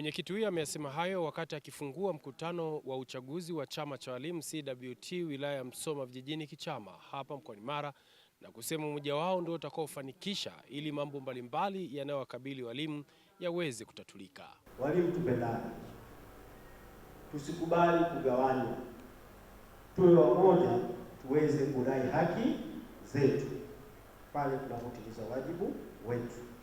Mwenyekiti huyo amesema hayo wakati akifungua mkutano wa uchaguzi wa chama cha walimu CWT wilaya ya Msoma vijijini Kichama hapa mkoani Mara na kusema mmoja wao ndio utakaofanikisha ili mambo mbalimbali yanayowakabili walimu yaweze kutatulika. Walimu tupendane, tusikubali kugawanywa, tuwe wamoja, tuweze kudai haki zetu pale tunapotimiza wajibu wetu.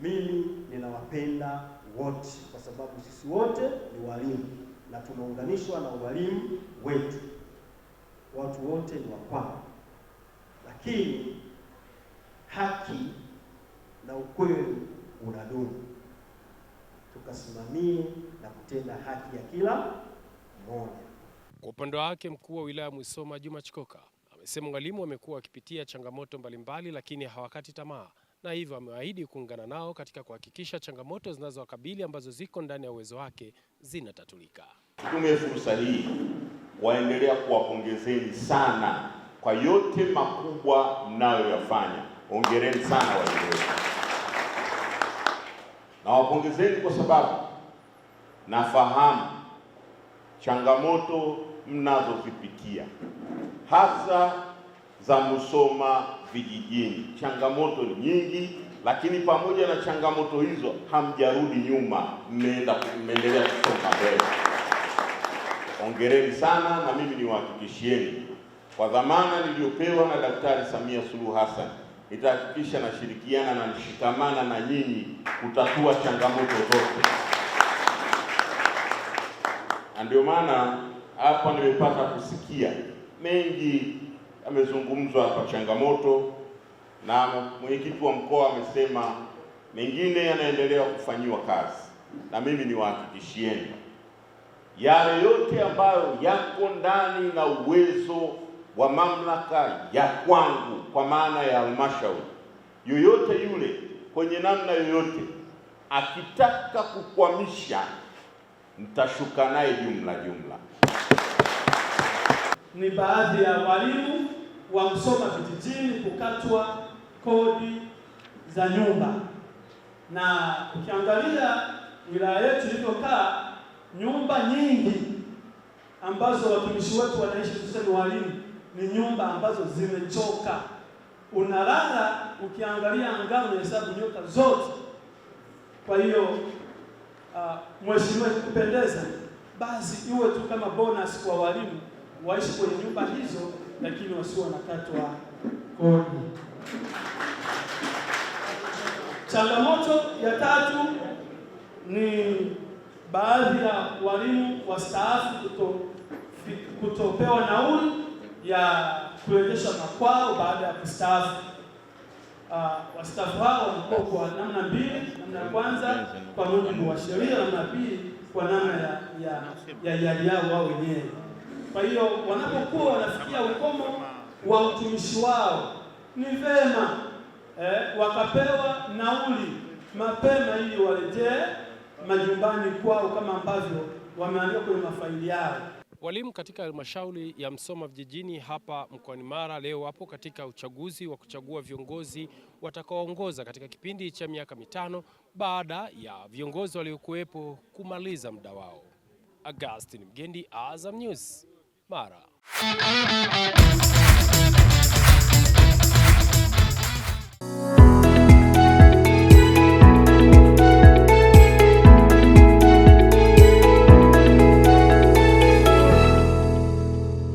Mimi ninawapenda wote kwa sababu sisi wote ni walimu na tumeunganishwa na walimu wetu. Watu wote ni wa lakini haki na ukweli unadumu. Tukasimamie na kutenda haki ya kila mmoja. Kwa upande wake, mkuu wa wilaya Mwisoma Juma Chikoka amesema walimu wamekuwa wakipitia changamoto mbalimbali, lakini hawakati tamaa na hivyo ameahidi kuungana nao katika kuhakikisha changamoto zinazowakabili ambazo ziko ndani ya uwezo wake zinatatulika. Tume fursa hii waendelea kuwapongezeni sana kwa yote makubwa mnayoyafanya. Hongereni sana waendelee, na wapongezeni kwa sababu nafahamu changamoto mnazozipitia hasa za Musoma vijijini. Changamoto ni nyingi, lakini pamoja na changamoto hizo hamjarudi nyuma, mmeenda mmeendelea kusonga mbele. ongereni sana, na mimi niwahakikishieni kwa dhamana niliyopewa na Daktari Samia Suluhu Hassan nitahakikisha nashirikiana na nishikamana na nyinyi kutatua changamoto zote, na ndio maana hapa nimepata kusikia mengi yamezungumzwa hapa, changamoto na mwenyekiti wa mkoa amesema mengine yanaendelea kufanyiwa kazi, na mimi niwahakikishieni yale yote ambayo yako ndani na uwezo wa mamlaka ya kwangu, kwa maana ya halmashauri yoyote yule, kwenye namna yoyote akitaka kukwamisha, nitashuka naye jumla jumla. Ni baadhi ya walimu wa Msoma vijijini kukatwa kodi za nyumba, na ukiangalia wilaya yetu ilivyokaa, nyumba nyingi ambazo watumishi wetu wanaishi hususani walimu ni nyumba ambazo zimechoka. Unalala ukiangalia na hesabu nyoka zote. Kwa hiyo uh, mheshimiwa, kupendeza basi iwe tu kama bonus kwa walimu waishi kwenye nyumba hizo lakini wasio wanakatwa kodi. Changamoto ya tatu ni baadhi ya walimu wastaafu kuto, kutopewa nauli ya kurejeshwa makwao baada ya kustaafu. Uh, wastaafu hao walikuwa kwa namna mbili, namna ya kwanza kwa mujibu wa sheria, namna pili kwa namna ya hiari yao wao wenyewe. Kwa hiyo wanapokuwa wanafikia ukomo wa utumishi wao, ni vema eh, wakapewa nauli mapema ili warejee majumbani kwao kama ambavyo wameandikwa kwenye mafaili yao. Walimu katika halmashauri ya Msoma vijijini hapa mkoani Mara leo wapo katika uchaguzi wa kuchagua viongozi watakaoongoza katika kipindi cha miaka mitano baada ya viongozi waliokuwepo kumaliza muda wao. Augustine Mgendi, Azam News. まあら。